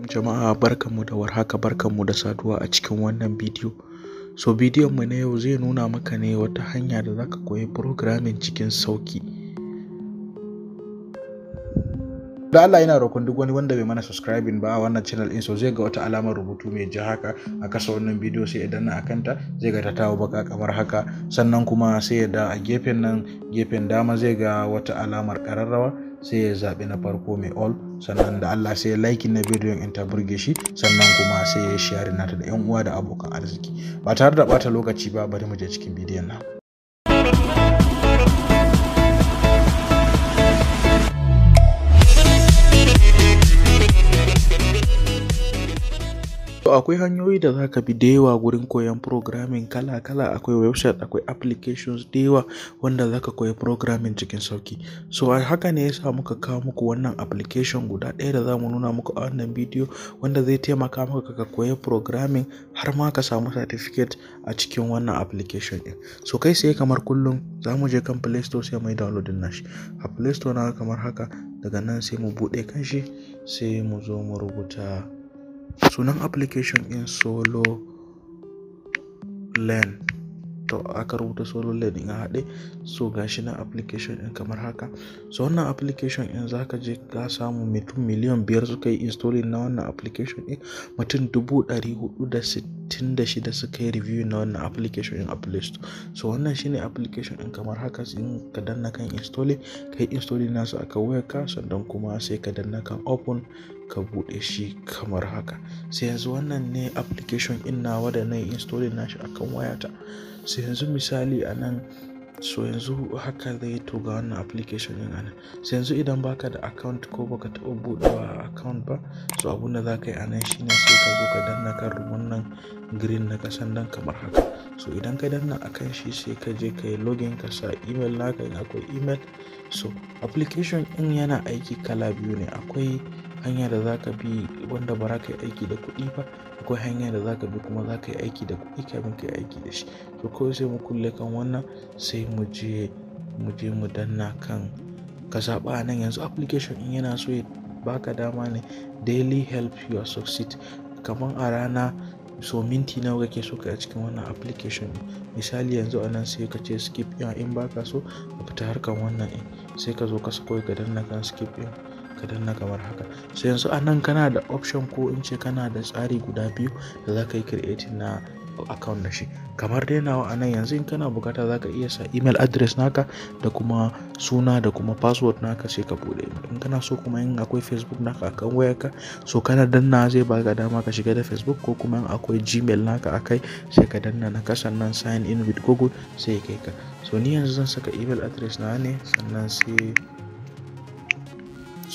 alaikum jama'a barkanmu da warhaka barkanmu da saduwa a cikin wannan bidiyo so bidiyon mu na yau zai nuna maka ne wata hanya da zaka koyi programming cikin sauki da Allah yana roƙon duk wani wanda bai mana subscribing ba a wannan channel din so zai ga wata alamar rubutu mai ja haka a kasa wannan bidiyo sai idan na akanta zai ga ta tawo baka kamar haka sannan kuma sai ya da a gefen nan gefen dama zai ga wata alamar ƙararrawa sai ya zaɓi na farko mai all sannan da Allah sai ya like na bidiyon in ta burge shi sannan kuma sai ya share nata da yan uwa da abokan arziki ba tare da bata lokaci ba bari mu je cikin bidiyon nan To akwai hanyoyi da za ka bi da yawa gurin koyan programming kala kala. Akwai website, akwai applications da yawa wanda za ka koya programming cikin sauki So haka ne ya sa muka kawo muku wannan application guda ɗaya da za mu nuna muku a wannan bidiyo wanda zai taimaka maka ka koya programming har ma ka samu certificate a cikin wannan application ɗin. So kai sai kamar kullum za mu je kan Play Store sai muyi downloading nashi. A Play Store na kamar haka daga nan sai mu buɗe kanshi sai mu zo mu rubuta. sunan application in solo learn to aka rubuta solo learning a haɗe so gashi na application ɗin kamar haka so wannan application ɗin za ka je ka samu mutum miliyan biyar suka yi installing na wannan application ɗin mutum dubu ɗari hudu da sittin da shida suka yi review na wannan application ɗin a play store so wannan shine application ɗin kamar haka in ka danna kan installing ka yi installing nasu a wayar ka sannan kuma sai ka danna kan open ka buɗe shi kamar haka sai yanzu wannan ne application ina nawa da nayi instolin installing nashi akan wayata sai yanzu misali a nan so yanzu haka zai to ga wannan application din anan sai yanzu idan baka da account ko baka taɓa buɗewa account ba so abun da za yi a nan shine sai ka zo ka danna kan wannan green na kasan nan kamar haka so idan ka danna akan shi sai ka je ka login ka sa email naka in akwai email so application din yana aiki kala biyu ne akwai hanya da zaka ka bi wanda ba za ka yi aiki da kuɗi ba akwai hanya da zaka bi kuma za ka yi aiki da kuɗi kafin ka yi aiki da shi to kawai sai mu kulle kan wannan sai mu je mu je mu danna kan ka zaɓa nan yanzu application in yana so ya baka dama ne daily help your succeed kamar a rana so minti nawa kake so ka a cikin wannan application misali yanzu a nan sai ka ce skip in baka so ka fita harkan wannan in sai ka zo ka sako ka danna kan skip in ka danna kamar haka so yanzu a nan kana da option ko in ce kana da tsari guda biyu da za ka yi creating na account da shi kamar dai nawa a nan yanzu in kana bukata za ka iya sa email address naka da kuma suna da kuma password naka sai ka bude in kana so kuma in akwai facebook naka akan wayarka so kana danna zai ba baka dama ka shiga da facebook ko kuma in akwai gmail naka akai sai ka danna na ka sannan sign in with google sai kai ka so ni yanzu zan saka email address na ne sannan sai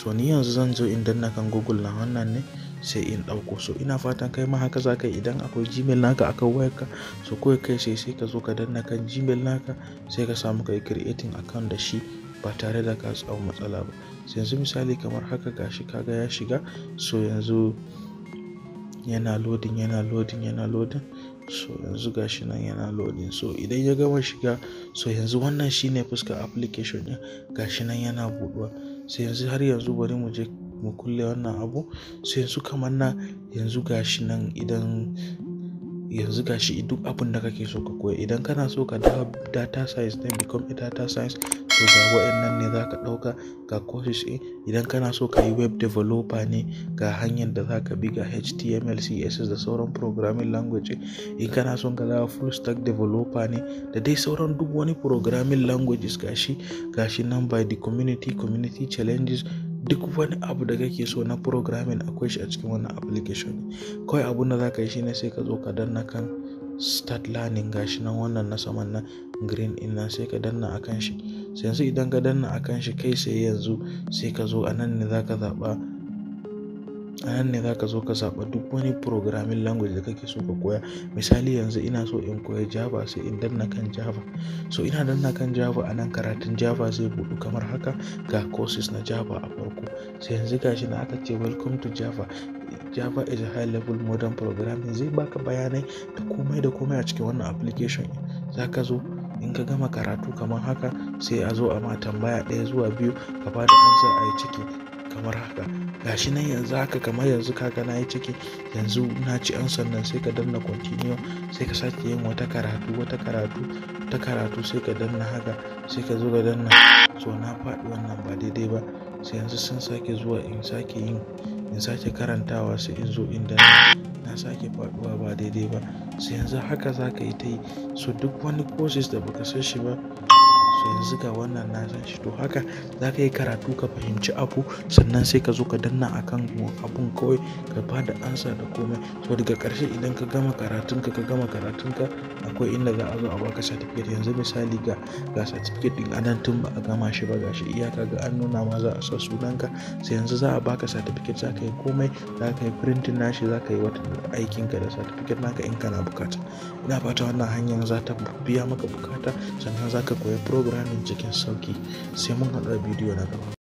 so ni yanzu zan zo in danna kan google na wannan ne sai in ɗauko so ina fatan kai ma haka zaka ka idan akwai gmail naka akan wayarka so kawai kai sai sai ka zo ka danna kan gmail naka sai ka samu kai creating account da shi ba tare da ka tsawo matsala ba sai yanzu misali kamar haka gashi kaga ya shiga so yanzu yana loading yana loading yana loading so yanzu gashi nan yana loading so idan ya gama shiga so yanzu wannan shine fuskar application din gashi nan yana buɗuwa sai yanzu har yanzu bari mu je mu kulle wannan abu sai yanzu kamar na yanzu gashi nan idan yanzu gashi duk abin da kake so ka koya idan kana so ka dawo data science then become data science to ga waɗannan ne za ka ɗauka ga courses ɗin eh, idan kana so ka yi web developer ne ga hanyar da za ka bi ga html css da sauran programming language eh, in kana son ka zama full stack developer ne da dai sauran duk wani programming languages gashi gashi nan by the community community challenges duk wani abu da kake so na programming akwai shi a cikin wannan application kawai abun da za ka yi shine sai ka zo ka danna kan start learning gashi nan wannan na saman na green ina sai ka danna akan shi sai yanzu idan ka danna a kan shi kai sai yanzu sai ka zo a nan ne za ka zaɓa zo ka zaɓa duk wani programming language da kake so ka koya misali yanzu ina so in koya java sai in danna kan java so ina danna kan java a nan karatun java zai budu kamar haka ga courses na java a farko sai yanzu gashi na aka ce welcome to java java is a high level modern programming zai baka bayanai da komai da komai a cikin wannan application za ka zo in ka gama karatu kamar haka sai a zo a ma tambaya ɗaya zuwa biyu ka ba da ansa a yi ciki kamar haka gashi nan yanzu haka kamar yanzu ka gana yi ciki yanzu na ci an sannan sai ka danna continue sai ka sake yin wata karatu wata karatu ta karatu sai ka danna haka sai ka zo ka danna so na faɗi wannan ba daidai ba sai yanzu sun sake zuwa in sake yin in sake karantawa sai in zo in danna na sake faɗuwa ba daidai ba su yanzu haka za ka yi ta yi so duk wani courses da baka san shi ba so yanzu ga wannan na san shi to haka za ka yi karatu ka fahimci abu sannan sai ka zo ka danna a kan abun kawai ka ba da ansa da komai so daga karshe idan ka gama karatunka ka gama karatunka akwai inda za a zo a baka certificate yanzu misali ga ga certificate din anan tun ba a gama shi ba gashi iyaka ga an nuna ma za a sa sunanka sai yanzu za a baka certificate za ka yi komai za ka yi printing nashi za ka yi wata aikinka da certificate naka in kana bukata ina fata wannan hanyar za ta biya maka bukata sannan za ka koyi program subscribing cikin sauki sai mun haɗu a bidiyo na gaba